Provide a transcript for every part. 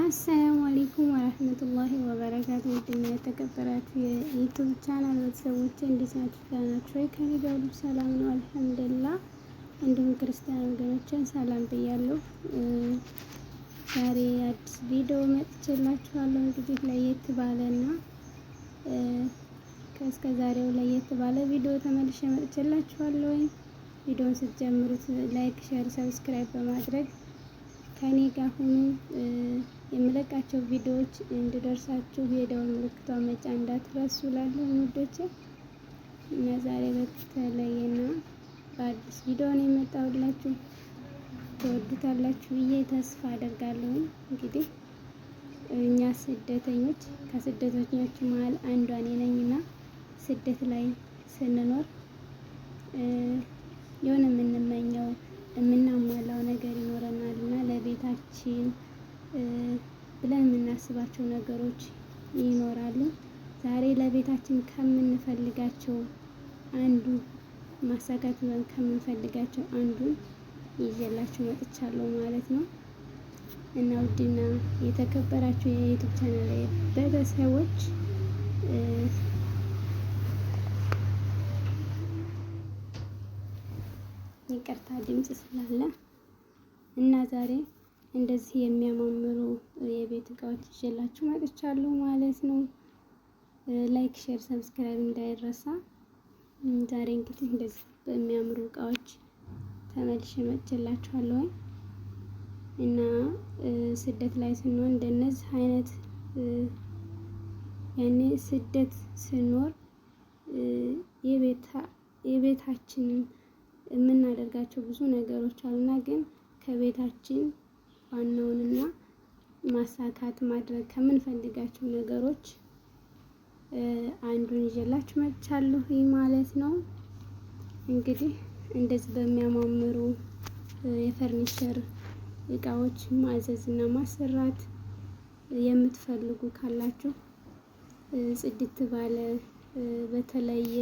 አሰላሙ አሌይኩም ወረህመቱላሂ ወበረካቱ። ውድና የተከበራችሁ የዩቱብ ቻናል ቤተሰቦች እንዴት ናችሁ? ደህና ናችሁ ወይ? ከእኔ ጋር ሁሉ ሰላም ነው አልሐምዱሊላህ። እንዲሁም ክርስቲያን ወገኖችን ሰላም ብያለሁ። ዛሬ አዲስ ቪዲዮ መጥቼላችኋለሁ። እንግዲህ ለየት ባለና ከእስከ ዛሬው ለየት ባለ ቪዲዮ ተመልሼ መጥቼላችኋለሁ። ቪዲዮውን ስትጀምሩት ላይክ፣ ሼር፣ ሰብስክራይብ በማድረግ ከእኔ ጋር ሁኑ። የምለቃቸው ቪዲዮዎች እንድደርሳችሁ የደወል ምልክቷ መጫ እንዳትረሱ። ላለሁ ውዶቼ እና ዛሬ በተለየና በአዲስ ቪዲዮ ነው የመጣሁላችሁ። ትወዱታላችሁ ብዬ ተስፋ አደርጋለሁ። እንግዲህ እኛ ስደተኞች ከስደተኞች መሀል አንዷ እኔ ነኝና ስደት ላይ ስንኖር የሆነ የምንመኘው የምናሟላው ነገር ይኖረናል እና ለቤታችን ብለን የምናስባቸው ነገሮች ይኖራሉ። ዛሬ ለቤታችን ከምንፈልጋቸው አንዱ ማሳካት ብለን ከምንፈልጋቸው አንዱን ይዤላችሁ መጥቻለሁ ማለት ነው እና ውድና የተከበራችሁ የዩቱብ ቻናል ቤተሰቦች ይቅርታ ድምጽ ስላለ እና ዛሬ እንደዚህ የሚያማምሩ የቤት እቃዎች ይዤላችሁ መጥቻለሁ ማለት ነው። ላይክ፣ ሼር፣ ሰብስክራይብ እንዳይረሳ። ዛሬ እንግዲህ እንደዚህ በሚያምሩ እቃዎች ተመልሼ መጥቼላችኋለሁ እና ስደት ላይ ስንሆን እንደነዚህ አይነት ያኔ ስደት ስኖር የቤታችንን የምናደርጋቸው ብዙ ነገሮች አሉና ግን ከቤታችን ዋናውንና ማሳካት ማድረግ ከምንፈልጋቸው ነገሮች አንዱን ይዤላችሁ መጥቻለሁ ማለት ነው። እንግዲህ እንደዚህ በሚያማምሩ የፈርኒቸር እቃዎች ማዘዝ እና ማሰራት የምትፈልጉ ካላችሁ ጽድት ባለ በተለየ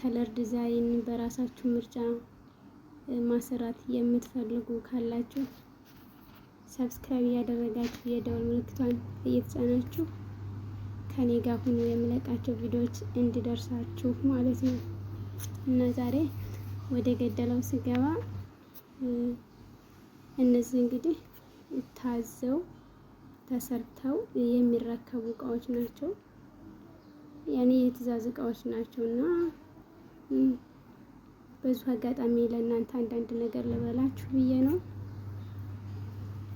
ከለር ዲዛይን በራሳችሁ ምርጫ ማሰራት የምትፈልጉ ካላችሁ ሰብስክራይብ እያደረጋችሁ የደወል ምልክቷን እየተጫናችሁ ከኔ ጋር ሁኑ የምለቃቸው ቪዲዮዎች እንዲደርሳችሁ ማለት ነው። እና ዛሬ ወደ ገደለው ስገባ እነዚህ እንግዲህ ታዘው ተሰርተው የሚረከቡ እቃዎች ናቸው። ያኔ የትእዛዝ እቃዎች ናቸው እና በዙ አጋጣሚ ለእናንተ አንዳንድ ነገር ልበላችሁ ብዬ ነው።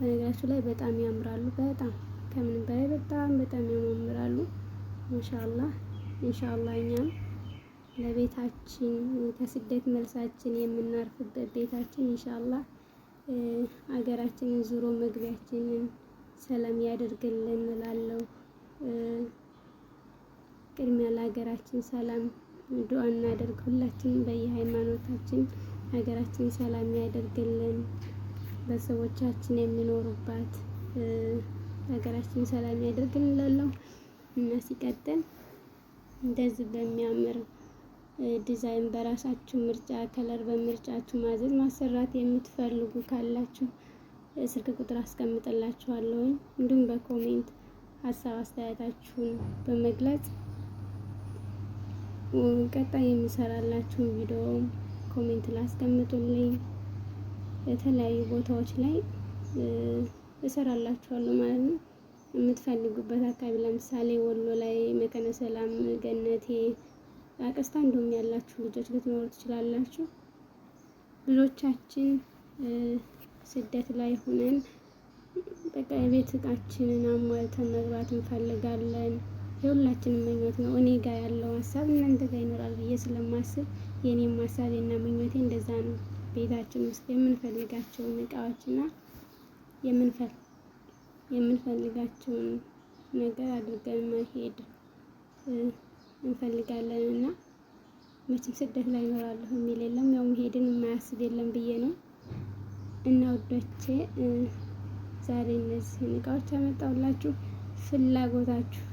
በነገራችሁ ላይ በጣም ያምራሉ። በጣም ከምንም በላይ በጣም በጣም ያማምራሉ። ኢንሻአላህ ኢንሻአላህ እኛም ለቤታችን ከስደት መልሳችን የምናርፍበት ቤታችን ኢንሻአላህ አገራችንን ዙሮ መግቢያችንን ሰላም ያደርግልን እላለሁ። ቅድሚያ ለሀገራችን ሰላም ዱአ እናደርግ። ሁላችንም በየሃይማኖታችን ሀገራችን ሰላም ያደርግልን። በሰዎቻችን የሚኖሩባት ሀገራችን ሰላም ያደርግልን እላለሁ። እና ሲቀጥል እንደዚህ በሚያምር ዲዛይን በራሳችሁ ምርጫ ከለር በምርጫችሁ ማዘዝ ማሰራት የምትፈልጉ ካላችሁ ስልክ ቁጥር አስቀምጥላችኋለሁ። እንዲሁም በኮሜንት ሀሳብ አስተያየታችሁን በመግለጽ ቀጣይ የሚሰራላችሁ ቪዲዮ ኮሜንት ላስቀምጡልኝ። አስቀምጡልኝ። የተለያዩ ቦታዎች ላይ እሰራላችኋለሁ ማለት ነው። የምትፈልጉበት አካባቢ ለምሳሌ ወሎ ላይ መቀነ ሰላም፣ ገነቴ፣ አቀስታ እንዲሁም ያላችሁ ልጆች ልትኖሩ ትችላላችሁ። ብዙዎቻችን ስደት ላይ ሆነን በቃ የቤት እቃችንን አሟልተን መግባት እንፈልጋለን። የሁላችንም ምኞት ነው። እኔ ጋር ያለው ሀሳብ እናንተ ጋር ይኖራል ብዬ ስለማስብ የእኔም ሀሳቤ የና ምኞቴ እንደዛ ነው። ቤታችን ውስጥ የምንፈልጋቸውን እቃዎችና የምንፈልጋቸውን ነገር አድርገን መሄድ እንፈልጋለን እና መቼም ስደት ላይ እኖራለሁ የሚል የለም። ያው መሄድን የማያስብ የለም ብዬ ነው። እና ውዶቼ ዛሬ እነዚህን እቃዎች ያመጣሁላችሁ ፍላጎታችሁ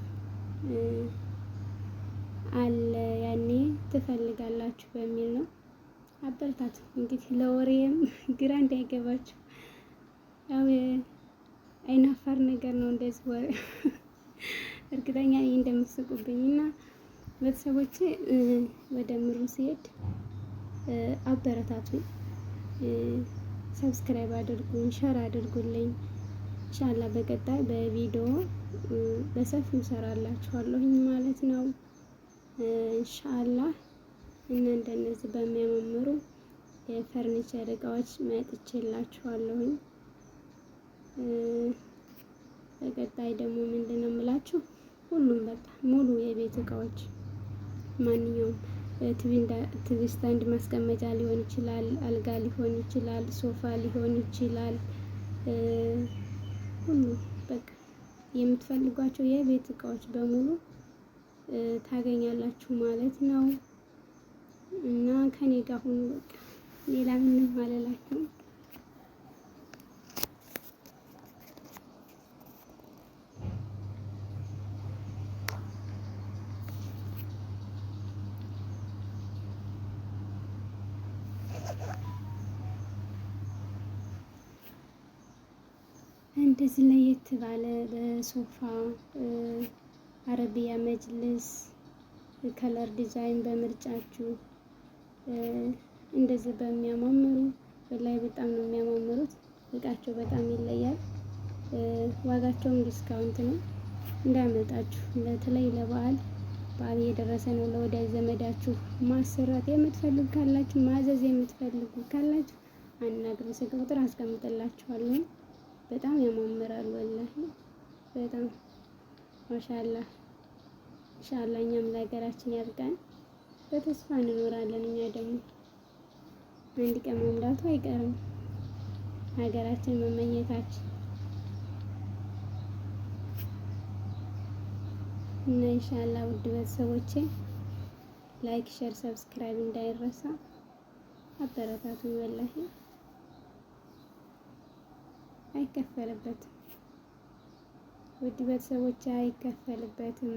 አለ ያኔ ትፈልጋላችሁ በሚል ነው። አበረታቱ እንግዲህ ለወሬም ግራ እንዳይገባችሁ፣ ያው አይናፋር ነገር ነው እንደዚህ ወሬ። እርግጠኛ ነኝ እንደምትስቁብኝ እና ቤተሰቦቼ ወደ ምሩ ሲሄድ አበረታቱ ሰብስክራይብ አድርጉ ሸር አድርጉልኝ። ኢንሻላ በቀጣይ በቪዲዮ በሰፊው ሰራላችኋለሁኝ ማለት ነው ኢንሻአላህ። እና እንደነዚህ በሚያማምሩ የፈርኒቸር እቃዎች መጥቼላችኋለሁኝ። በቀጣይ ደግሞ ምንድን ነው የምላችሁ ሁሉም በቃ ሙሉ የቤት እቃዎች ማንኛውም ቲቪ ስታንድ ማስቀመጫ ሊሆን ይችላል፣ አልጋ ሊሆን ይችላል፣ ሶፋ ሊሆን ይችላል። ሁሉ በቃ የምትፈልጓቸው የቤት እቃዎች በሙሉ ታገኛላችሁ ማለት ነው። እና ከኔ ጋር ሁኑ። በቃ ሌላ ምንም አልላችሁም። እንደዚህ ለየት ባለ በሶፋ አረቢያ መጅልስ ከለር ዲዛይን በምርጫችሁ እንደዚህ በሚያማምሩ ላይ በጣም ነው የሚያማምሩት። እቃቸው በጣም ይለያል። ዋጋቸውም ዲስካውንት ነው። እንዳመጣችሁ በተለይ ለበዓል በዓል እየደረሰ ነው። ለወዳጅ ዘመዳችሁ ማሰራት የምትፈልጉ ካላችሁ፣ ማዘዝ የምትፈልጉ ካላችሁ አናግሩ። ስልክ ቁጥር አስቀምጥላችኋለሁ። በጣም ያማምራል። ወላሂ በጣም ማሻላ ኢንሻአላህ እኛም ለሀገራችን ያብቃን። በተስፋ እንኖራለን። እኛ ደግሞ አንድ ቀን መምራቱ አይቀርም። ሀገራችን መመኘታችን እና ኢንሻአላህ ውድ ቤተሰቦቼ ላይክ፣ ሼር፣ ሰብስክራይብ እንዳይረሳ አበረታቱ። ወላሂ አይከፈልበትም። ውድ ቤተሰቦቼ አይከፈልበትም።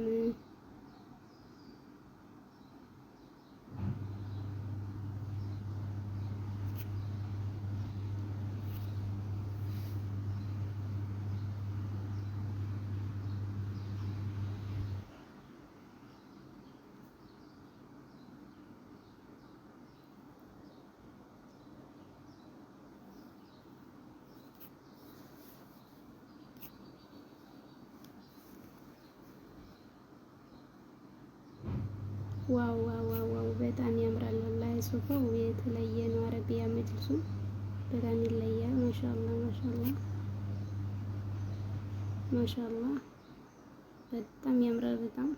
ዋው ዋው ዋው ዋው በጣም ያምራል። ወላሂ ሶፋው የተለየ ነው። አረቢያ መጅልሱ በጣም ይለያል። ማሻአላ ማሻአላ ማሻአላ በጣም ያምራል በጣም